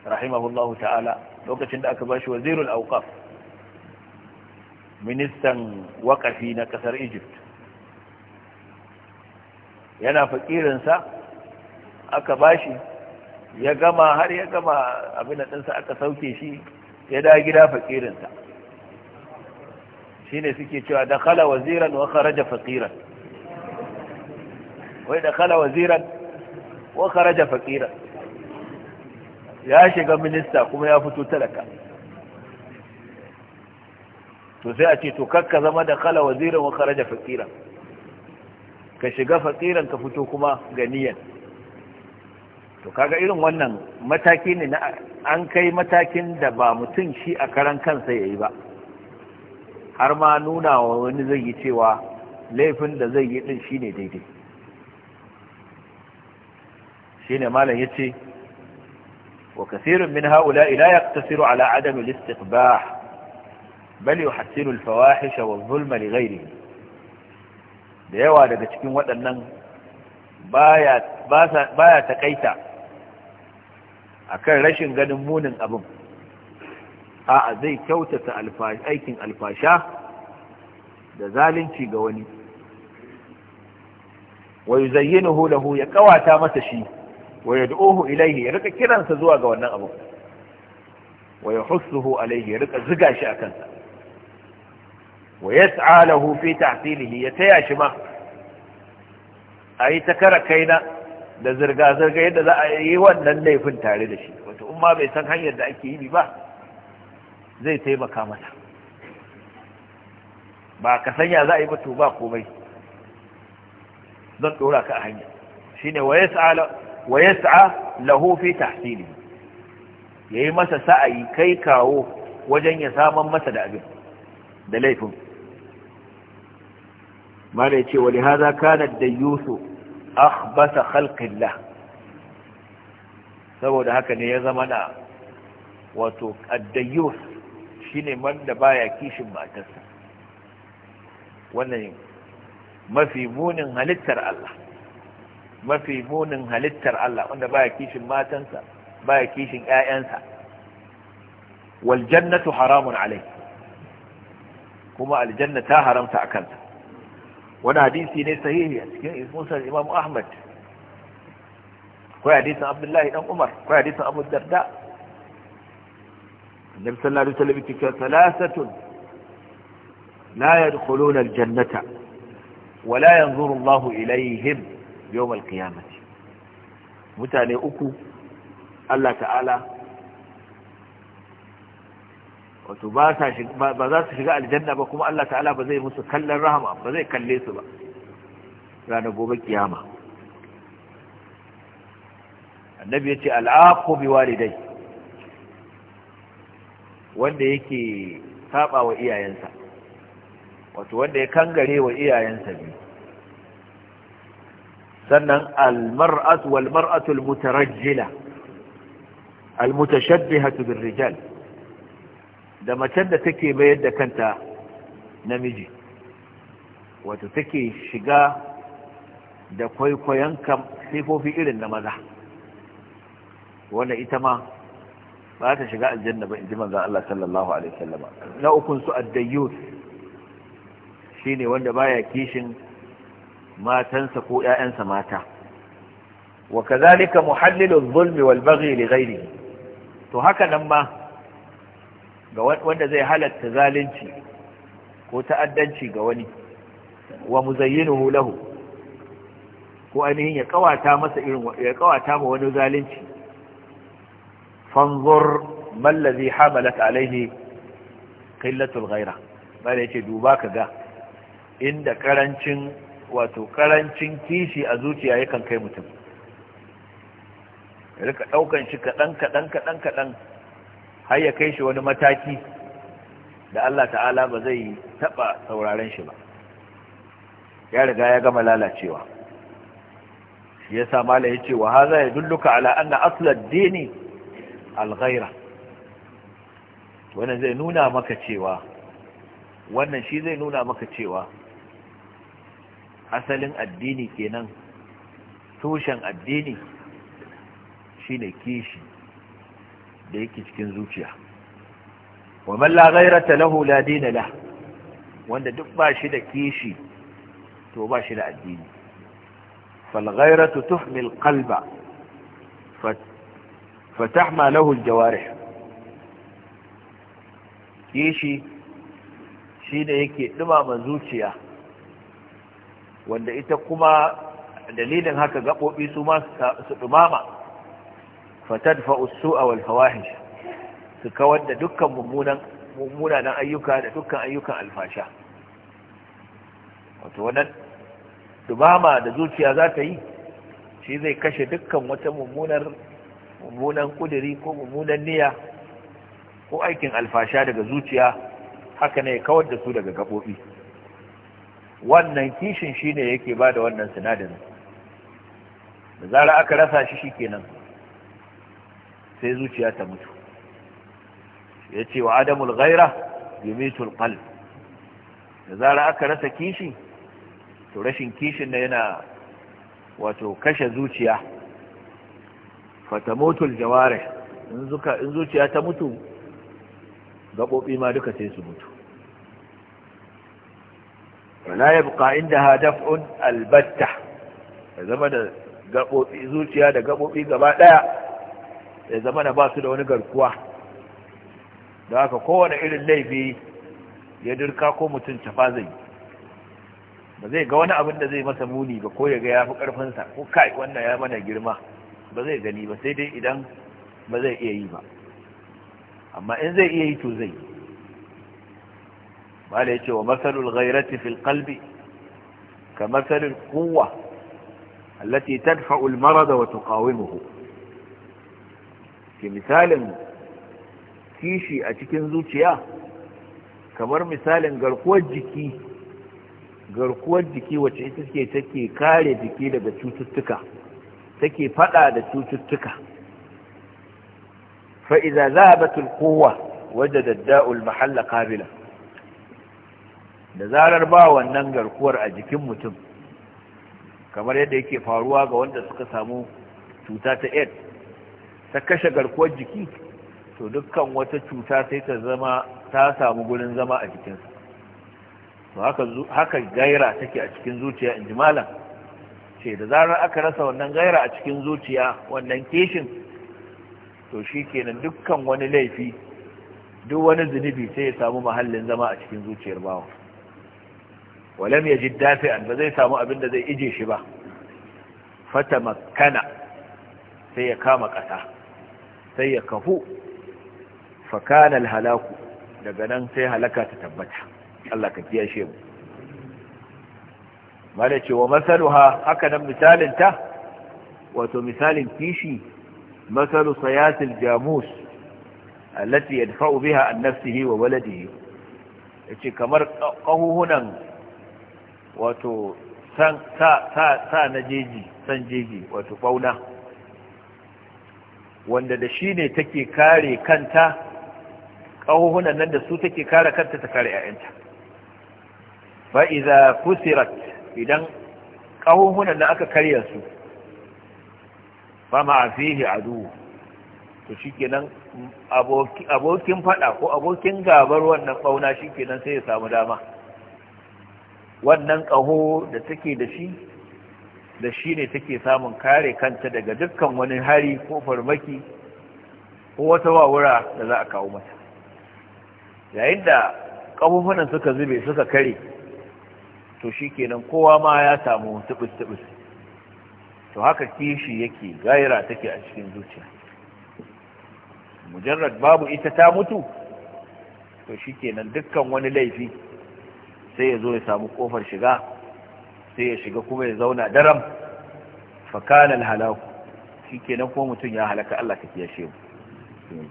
rahimahullahu ta'ala lokacin da aka bashi wazirul awqaf ministan waqafi na kasar Egypt yana sa aka bashi ya gama har ya gama abin da ɗinsa aka sauke shi ya da gida faƙirinsa shi ne suke cewa da kala waziran wa kharaja faƙiran wai da kala waziran wa kharaja fakiran ya shiga minista kuma ya fito talaka to sai a ce to kakka zama da kala waziran wa kharaja faƙiran ka shiga faƙiran ka fito kuma ganiyan to kaga irin wannan mataki ne na an kai matakin da ba mutum shi a karan kansa ya yi ba har ma nuna wa wani zai yi cewa laifin da zai yi din shi ne daidai shi ne malam ya ce wa kasirin min ha'ula ila ya tasiru ala adam istiqbah bal yuhassinu al-fawahisha wa zulma li da yawa daga cikin waɗannan baya baya takaita akan rashin ganin munin abin a'a zai kyautata aikin alfasha da zalunci ga wani wa yuzayyinuhu lahu ya kawata masa shi wa yad'uhu ilayhi ya rika kiransa zuwa ga wannan abin wa yahussuhu alayhi ya rika ziga shi akan sa wa yas'aluhu fi tahsilihi ya taya shi ma ayi takara kaina da zirga-zirga yadda za a yi wannan laifin tare da shi wato umma bai san hanyar da ake yi ba zai taimaka mata ba ka sanya za a yi mutu ba komai zan ɗora ka a hanya shi ne wa ya sa'a lahofi tahsili ya yi masa sa'ayi kai kawo wajen ya saman masa da abin da laifin ma da ya ce wani haza kanar da akhbasa khalqillah saboda haka ne ya zama na wato addayyus shine wanda baya kishin matarsa wannan mafi munin halittar Allah mafi munin halittar Allah wanda baya kishin matansa baya kishin ƴaƴansa wal jannatu haramun alai kuma aljanna ta haramta akansa wani hadisi ne sahihi a cikin musar imam ahmad kawai hadisin abdullahi dan umar kawai hadisin abu darda annabi sallallahu alaihi wasallam yake salasatun la yadkhuluna aljannata wa la yanzuru Allahu ilayhim yawm alqiyamah mutane uku Allah ta'ala wato ba za su shiga aljanna ba kuma Allah ta'ala ba zai musu kallon rahama ba zai kalle su ba ranar gobe kiyama annabi ya ce al'aqu bi walidai wanda yake saba wa iyayensa wato wanda ya kangare wa iyayensa ne sannan al-mar'atu wal mar'atu al-mutarajjila al-mutashabbihatu bir rijal da macen da take bayar da kanta namiji wato take shiga da kwaikwayon sifofi irin na maza wanda ita ma ba ta shiga aljanna ba in ji manzan Allah sallallahu Alaihi wasallama na ukun su addayyus shi ne wanda baya kishin matansa ko ‘ya'yansa mata wa kazalika muhallilul zulmi wal baghi li ghairihi to haka nan ma ga wanda zai halatta zalunci ko ta'addanci ga wani wa muzayyinuhu lahu ko ainihin ya kawata masa irin ya kawata ma wani zalunci fanzur mal ladhi hamalat alayhi qillatul ghaira bare yace duba kaga inda karancin wato karancin kishi a zuciya yakan kai mutum rika daukan shi kadan kadan kadan kadan har ya kai shi wani mataki da Allah ta'ala ba zai taɓa sauraren shi ba ya riga ya gama lalacewa shi ya sa ya ce wa haza ya dulluka ala anna aslar dini alghaira wannan zai nuna maka cewa wannan shi zai nuna maka cewa asalin addini kenan tushen addini shine kishi da yake cikin zuciya wa man la ghayrata lahu la dina la, wanda duk ba shi da kishi to ba shi da addini fal ghayratu tuhmi al qalba fa tahma lahu al jawarih kishi shi da yake dumama zuciya wanda ita kuma dalilin haka gaɓoɓi su ma su dumama. fatadfa'u su'a wal fawahish su kawar da dukkan mummunan mummunan ayyuka da dukkan ayyukan alfasha wato wannan dubama da zuciya za ta yi shi zai kashe dukkan wata mummunar mummunan kudiri ko mummunan niyya ko aikin alfasha daga zuciya haka ne kawar da su daga gabobi wannan kishin shine yake bada wannan sinadarin da zara aka rasa shi shi kenan. sai zuciya ta mutu ya ce wa adamul ghaira yumitul qalb da zara aka rasa kishi to rashin kishin na yana wato kashe zuciya fatamutul jawarih in in zuciya ta mutu gabobi ma duka sai su mutu wala yabqa inda hadafun albatta zama da gabobi zuciya da gabobi gaba ɗaya. ya zama na ba su da wani garkuwa da haka kowane irin laifi ya dirka ko mutum tafa zai ba zai ga wani abin da zai masa muni ba ko ya ga ya fi ƙarfinsa ko kai wannan ya mana girma ba zai gani ba sai dai idan ba zai iya yi ba amma in zai iya yi to zai ba da ya ce wa matsalul gairati fil kalbi ka matsalul kowa allati tadfa'ul marada kawai muku. ke misalin kishi a cikin zuciya kamar misalin garkuwar jiki garkuwar jiki wacce ita ce take kare jiki daga cututtuka take fada da cututtuka fa'iza za a batul kowa wadda dadda'ul mahalla kabila da zarar ba wannan garkuwar a jikin mutum kamar yadda yake faruwa ga wanda suka samu cuta ta aids ta kashe garkuwar jiki to dukkan wata cuta sai ta zama ta samu gurin zama a jikinsa to haka gaira take a cikin zuciya in malam ce da zarar aka rasa wannan gaira a cikin zuciya wannan keshin to shi kenan dukkan wani laifi duk wani zunubi sai ya samu mahallin zama a cikin zuciyar bawa walam ya ji dafi'an ba zai samu abin da zai ije shi ba fata makana sai ya kama ƙasa sai ya kafu fakanal halaku daga nan sai halaka ta tabbata Allah ka kiyashe mu mala ce wa masaluha haka nan ta, wato misalin kishi masalu sayatil jamus allati yadfa'u biha an nafsihi wa waladihi yace kamar kahuhunan wato san sa sa, sa na jeji san jeji wato bauna wanda da shi ne take kare kanta ƙahuhunan nan da su take kare kanta ta kare ‘ya'yanta iza kusirat idan ƙahuhunan nan aka karya su fama a fiye adu to shi ke nan abokin fada ko abokin gabar wannan ɓauna shi ke nan sai ya samu dama wannan ƙaho da take da shi da shi ne take samun kare kanta daga dukkan wani hari ko farmaki ko wata wawura da za a kawo mata yayin da ƙafufunan suka zube suka kare to shi kenan kowa ma ya samu tubus-tubus to haka kishi yake gaira take a cikin zuciya mujarrad babu ita ta mutu to shi kenan dukkan wani laifi sai ya zo ya samu kofar shiga sai ya shiga kuma ya zauna daram fakanan halaku shi kenan kuma mutum ya halaka Allah ta kiyashe mu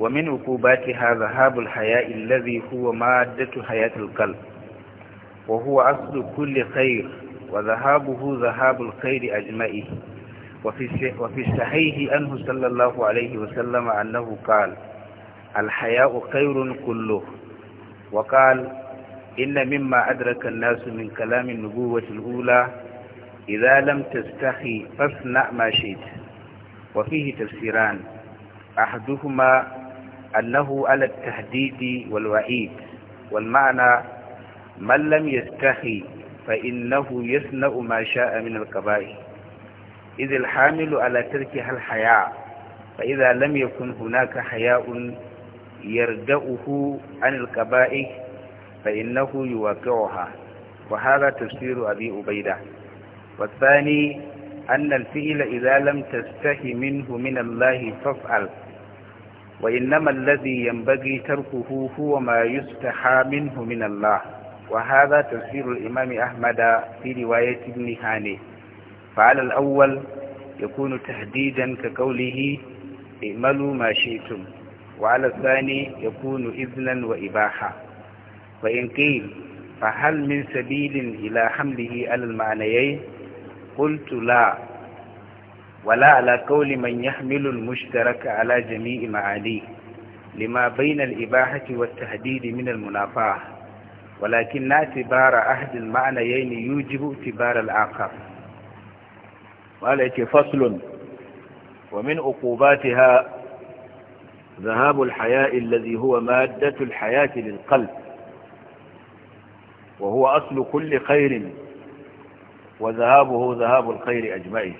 wa min uqubatiha zahabul haya'i allazi huwa maddatu hayatil qalb wa huwa aslu kulli khair wa zahabuhu zahabul khairi wa fi sahihi الصحيح أنه صلى الله عليه annahu أنه قال الحياء خير كله وقال إن مما أدرك الناس من كلام النبوة الأولى إذا لم تستحي فاصنع ما شئت وفيه تفسيران أحدهما أنه على التهديد والوعيد والمعنى من لم يستحي فإنه يصنع ما شاء من الكبائر إذ الحامل على تركها الحياء فإذا لم يكن هناك حياء يردأه عن الكبائر فإنه يواقعها وهذا تفسير أبي أبيدة والثاني أن الفئل إذا لم تستح منه من الله فافعل وإنما الذي ينبغي تركه هو ما يستحى منه من الله وهذا تفسير الإمام أحمد في رواية ابن هاني فعلى الأول يكون تهديدا كقوله اعملوا ما شئتم وعلى الثاني يكون إذنا وإباحة فإن قيل فهل من سبيل إلى حمله على المعنيين قلت لا ولا على قول من يحمل المشترك على جميع معانيه لما بين الإباحة والتهديد من المنافاة ولكن اعتبار أحد المعنيين يوجب اعتبار الآخر قال فصل ومن عقوباتها ذهاب الحياء الذي هو مادة الحياة للقلب وهو أصل aslu خير وذهابه wa الخير أجمعي khairi ajma'i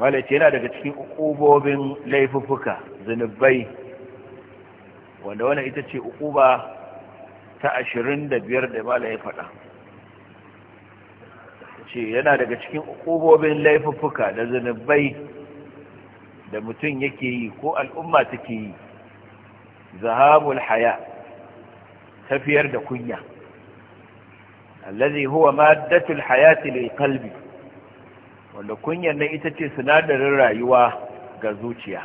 malaci yana daga cikin ukubobin laifuffuka zunubai wanda wannan ita ce ukuba ta ashirin da biyar da faɗa ce yana daga cikin ukubobin laifuffuka da zunubai da mutum yake yi ko al'umma take yi zahabul haya tafiyar da kunya allazi huwa maddatul hayati lil qalbi wanda kunyar nan ita ce sinadarin rayuwa ga zuciya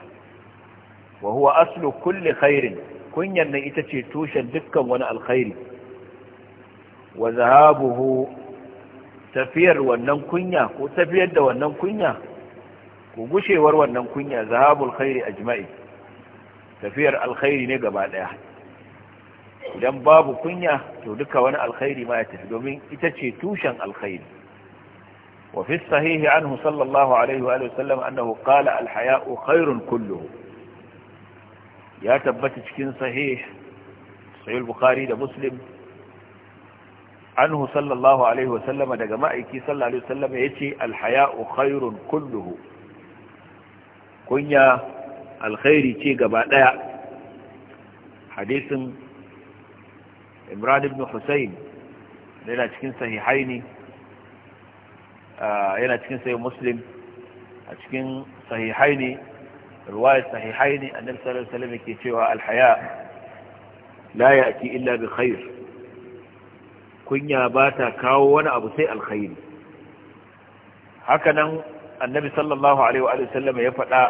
wa huwa aslu kulli khairin kunyar nan ita ce tushen dukkan wani alkhairi wa zahabuhu tafiyar wannan kunya ko tafiyar da wannan kunya ko gushewar wannan kunya zahabul khairi ajma'i tafiyar alkhairi ne gaba ɗaya. idan babu kunya to duka wani alkhairi ma ya tafi domin ita ce tushen alkhairi wa fi sahihi anhu sallallahu alaihi wa sallam annahu qala alhaya'u khairun kulluhu ya tabbata cikin sahih sahih bukhari da muslim anhu sallallahu alaihi wa sallam daga ma'aiki sallallahu alaihi wa sallama yace alhaya'u khairun kulluhu kunya alkhairi ce gaba daya hadisin imran ibn husayn yana cikin sahihaini yana cikin sahih muslim a cikin sahihaini ruwayar sahihaini annabi sallallahu alaihi wasallam cewa alhaya la ya'ti illa bi khair kunya ba ta kawo wani abu sai alkhairi hakanan annabi sallallahu alaihi wa sallam ya faɗa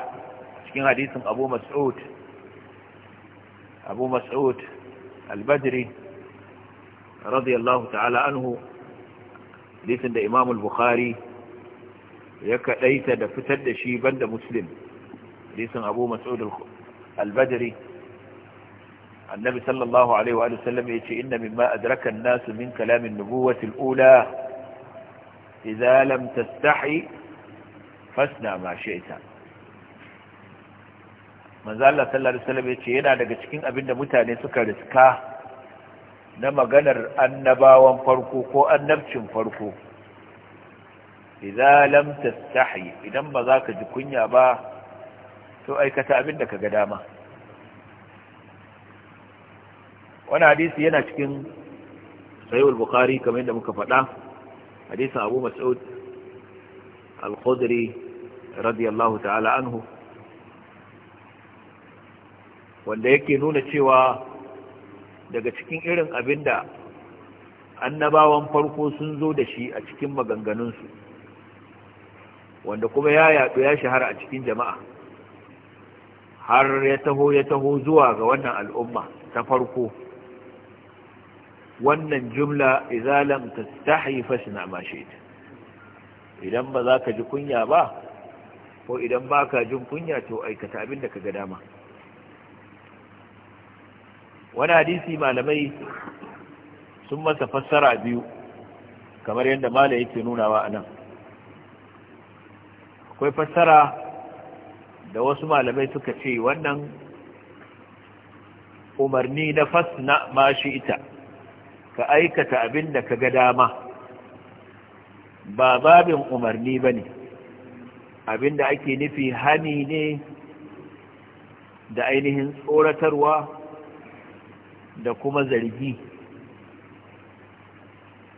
cikin hadisin abu mas'ud abu mas'ud al-badri radiyallahu ta'ala anhu hadisin da Imam al-Bukhari ya kadaita da fitar da shi banda Muslim hadisin Abu Mas'ud al annabi sallallahu alaihi wa sallam yace inna mimma adraka an-nas min kalamin an-nubuwati al-ula idza lam tastahi fasna ma shi'ta manzo Allah sallallahu alaihi wasallam yace yana daga cikin abin da mutane suka riska na maganar annabawan farko ko annabcin farko idza tastahi idan ba za ka ji kunya ba to aikata abin da ka ga dama wani hadisi yana cikin sahihul bukhari kamar yadda muka faɗa hadisin abu mas'ud al-khudri radiyallahu ta'ala anhu wanda yake nuna cewa daga cikin irin abin da annabawan farko sun zo da shi a cikin maganganunsu wanda kuma ya yaɗu ya shahara a cikin jama'a har ya taho ya taho zuwa ga wannan al'umma ta farko wannan jumla izalam ta tahi fasina mashe idan ba za ka ji kunya ba ko idan ba ka jin kunya to aikata abin da ka ga dama wani hadisi malamai sun masa fassara biyu kamar yadda mala yake nunawa a nan akwai fassara da wasu malamai suka ce wannan umarni na fasna ma shi ita ka aikata abin da ka ga dama ba babin umarni ba ne abin da ake nufi hani ne da ainihin tsoratarwa da kuma zargi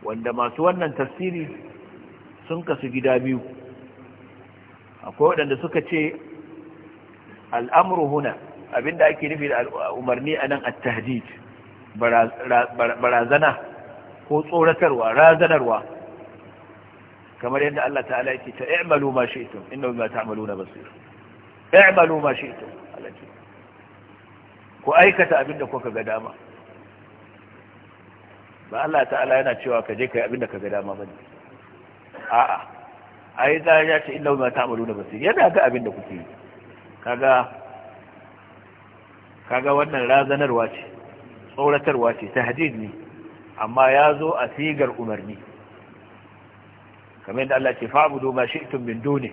wanda masu wannan tasiri sun kasu gida biyu akwai waɗanda suka ce al'amuru huna abinda ake nufi da umarni a nan attahdid, tahdid barazana ko tsoratarwa razanarwa kamar yadda Allah ta'ala yake ta i'malu ma shi'tum innahu bima ta'maluna basir i'malu ma shi'tum Allah ku aikata abin da kuka ga dama ba Allah ta'ala yana cewa ka je ka yi abin da ka ga dama ba ne a'a ai za ya ce illa ma ta'malu da basiri. yana ga abin da kuke yi kaga kaga wannan razanarwa ce tsoratarwa ce tahdid ne amma ya zo a sigar umarni kamar yadda Allah ce fa'budu ma shi'tum min duni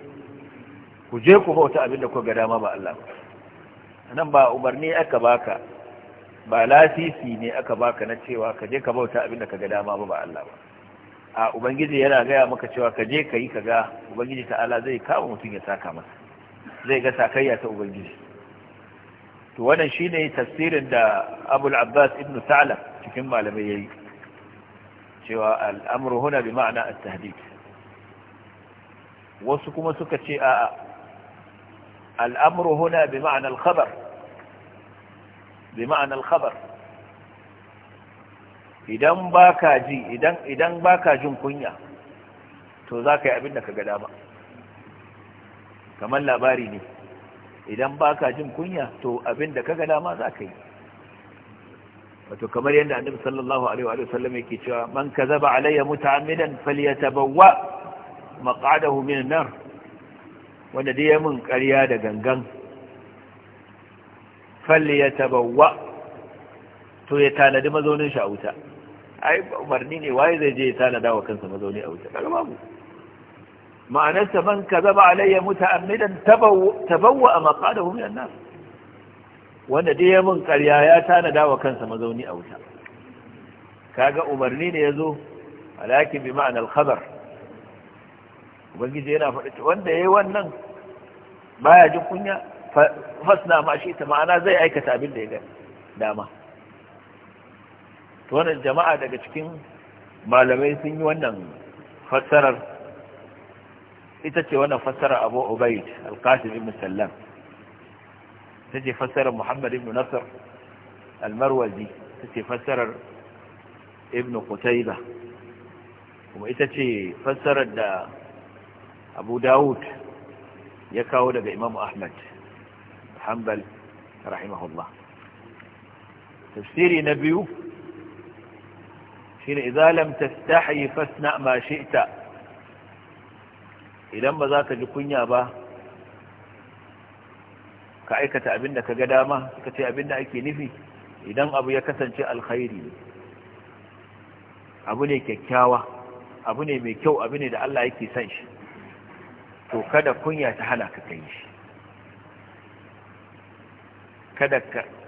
ku je ku bauta abin da kuka ga dama ba Allah ba nan ba umarni aka baka ba lasisi ne aka baka na cewa ka je ka bauta abin da ka ga dama ba ba Allah ba a ubangiji yana gaya maka cewa ka je ka yi ka ga ubangiji ta'ala zai kama mutum ya saka masa zai ga sakayya ta ubangiji to wannan shine tafsirin da abul abbas ibn sa'lam cikin malamai yayi cewa al'amru huna bi ma'ana at-tahdid wasu kuma suka ce a'a الأمر هنا بمعنى الخبر بمعنى الخبر idan ba ka ji idan ba ka jin kunya to za ka yi abin da ka ga dama kamar labari ne idan ba ka jin kunya to abin da ka ga dama za ka yi wato kamar yadda annabi sallallahu alaihi wa sallam yake cewa man kazaba alayya muta'ammidan falyatabawwa maq'adahu min an-nar wanda dai ya ƙarya da gangan falle ya tabawa to ya tanadi mazaunin shi a wuta ai umarni ne waye zai je ya tanada wa kansa mazauni a wuta kaga babu ma'anarsa man kazaba alayya muta'ammidan tabawwa maqadahu min an-nar wanda dai ya mun ƙarya ya tanada wa kansa mazauni a wuta kaga umarni ne ya zo? alakin bi ma'anar khabar ubangiji yana faɗi wanda ya yi wannan baya jin kunya fasna ma shi ta ma'ana zai aikata abin da ya ga dama wannan jama'a daga cikin malamai sun yi wannan fassarar ita ce wannan fassarar Abu Ubayd Al-Qasim ibn Sallam ce fassarar Muhammad ibn Nasr Al-Marwazi tace fassarar Ibn Qutaybah kuma ita ce fassarar da abu dawud ya kawo daga imamu ahmad hanbal rahimahullah tafsiri na biyu shine idza lam tastahi fasna ma shi'ta idan ba za ka ji kunya ba ka aikata abin da ka ga dama ka ce abin da ake nufi idan abu ya kasance alkhairi abu ne kyakkyawa abu ne mai kyau abu ne da Allah yake son shi to kada kunya ta hana ka kai shi kada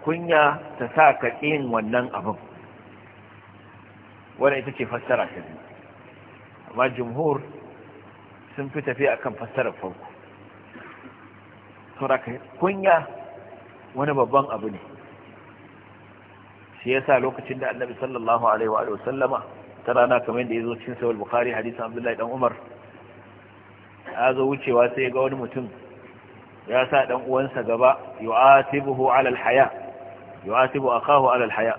kunya ta sa ka yin wannan abin wannan ita ce fassara ta biyu amma jumhur sun fi tafi akan fassarar farko saboda kunya wani babban abu ne shi ya sa lokacin da annabi sallallahu alaihi wa sallama ta rana kamar yadda ya zo cikin sahih bukhari hadisin abdullahi dan umar a zo wucewa sai ga wani mutum ya sa dan uwansa gaba yu'atibuhu ala alhaya yu'atibu akahu ala alhaya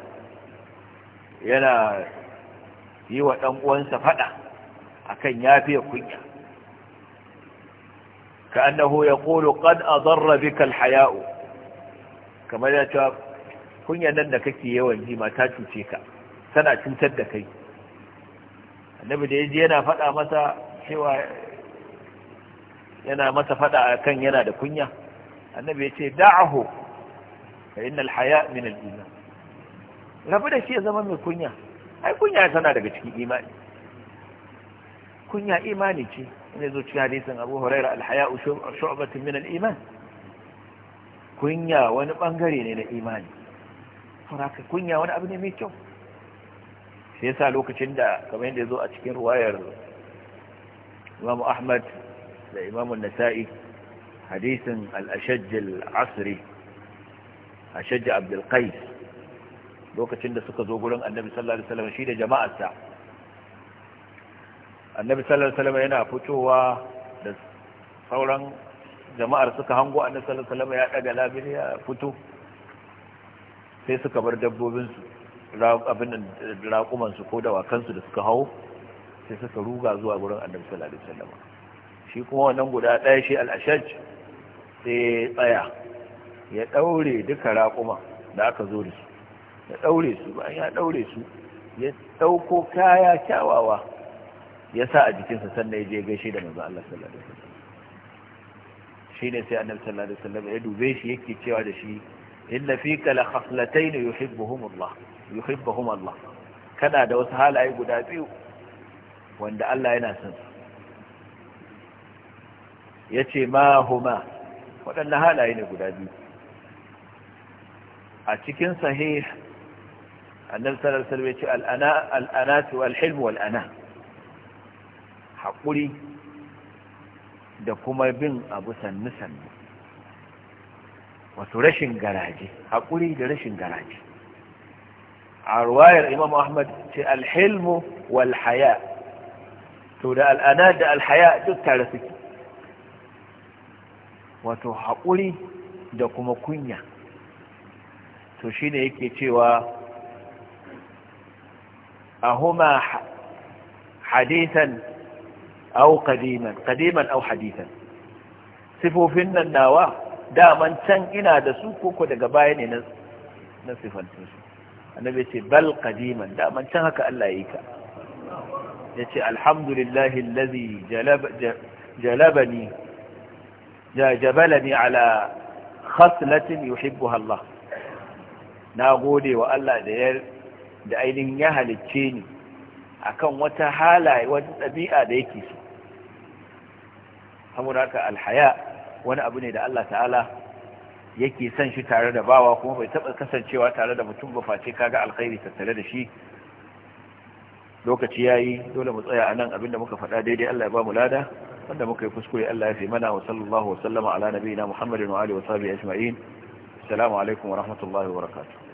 yana yi wa dan uwansa fada akan yafiya kunya كأنه يقول قد أضر بك الحياء كما يقول kun yanar da kake yawan ji mata cuce ka tana cutar da kai annabi da ya yana faɗa masa cewa yana masa fada akan yana da kunya annabi ya ce da'ahu fa innal haya min al iman rabu da shi ya zama mai kunya ai kunya tana daga cikin imani kunya imani ce ne zo cikin hadisin Abu Hurairah al haya shu'batun min al iman kunya wani bangare ne na imani saboda kunya wani abu ne mai kyau sai yasa lokacin da kamar yadda zo a cikin ruwayar Imam Ahmad da imamun nasa'i hadisin al-ashajj al abdul qais da suka zo gurin annabi sallallahu alaihi shi da jama'arsa annabi sallallahu alaihi yana fitowa da sauran jama'ar suka hango annabi sallallahu ya daga labiri ya fito sai suka bar dabbobin su abin raƙuman ko dawakan su da suka hau sai suka ruga zuwa wurin annabi sallallahu alaihi wasallam shi kuma wannan guda ɗaya shi al'ashaj sai tsaya ya ɗaure duka raƙuma da aka zo da su ya ɗaure su bayan ya ɗaure su ya ɗauko kaya kyawawa ya sa a jikinsa sannan ya je gaishe da manzo Allah sallallahu alaihi wasallam ne sai annabi sallallahu alaihi wasallam ya dube shi yake cewa da shi inna fika la khaslatayn yuhibbuhum Allah yuhibbuhum kana da wasu halaye guda biyu wanda Allah yana son su ya ce ma huma waɗannan halaye ne guda biyu a cikin sahih annabi sallallahu alaihi wasallam al'ana al'anatu wal-hilm wal haƙuri da kuma bin abu sannu sannu wato rashin garaje haƙuri da rashin garaje a ruwayar imam ahmad ce alhilmu wal to da al'ana da alhaya duk tare suke wato haƙuri da kuma kunya to shi ne yake cewa a huma hadisan au kadiman kadiman au hadisan sifofin nan nawa daman can ina da su koko daga baya ne na sifantu su annabi ce bal kadiman daman can haka Allah ya yi ka ya ce alhamdulillahi lalazi jalabani jajabalani ala khaslatin yuhibbuha Allah na gode wa Allah da ya da ainihin ya halicce ni akan wata halaye wata dabi'a da yake so saboda alhaya wani abu ne da Allah ta'ala yake san shi tare da bawa kuma bai taba kasancewa tare da mutum ba face kaga alkhairi tattare da shi lokaci yayi dole mu tsaya anan abinda muka faɗa daidai Allah ya ba mu lada wanda muka yi kuskure Allah ya fi mana wa sallallahu wa sallama ala nabiyina Muhammadin wa alihi wa sahbihi ajma'in assalamu alaikum wa rahmatullahi wa barakatuh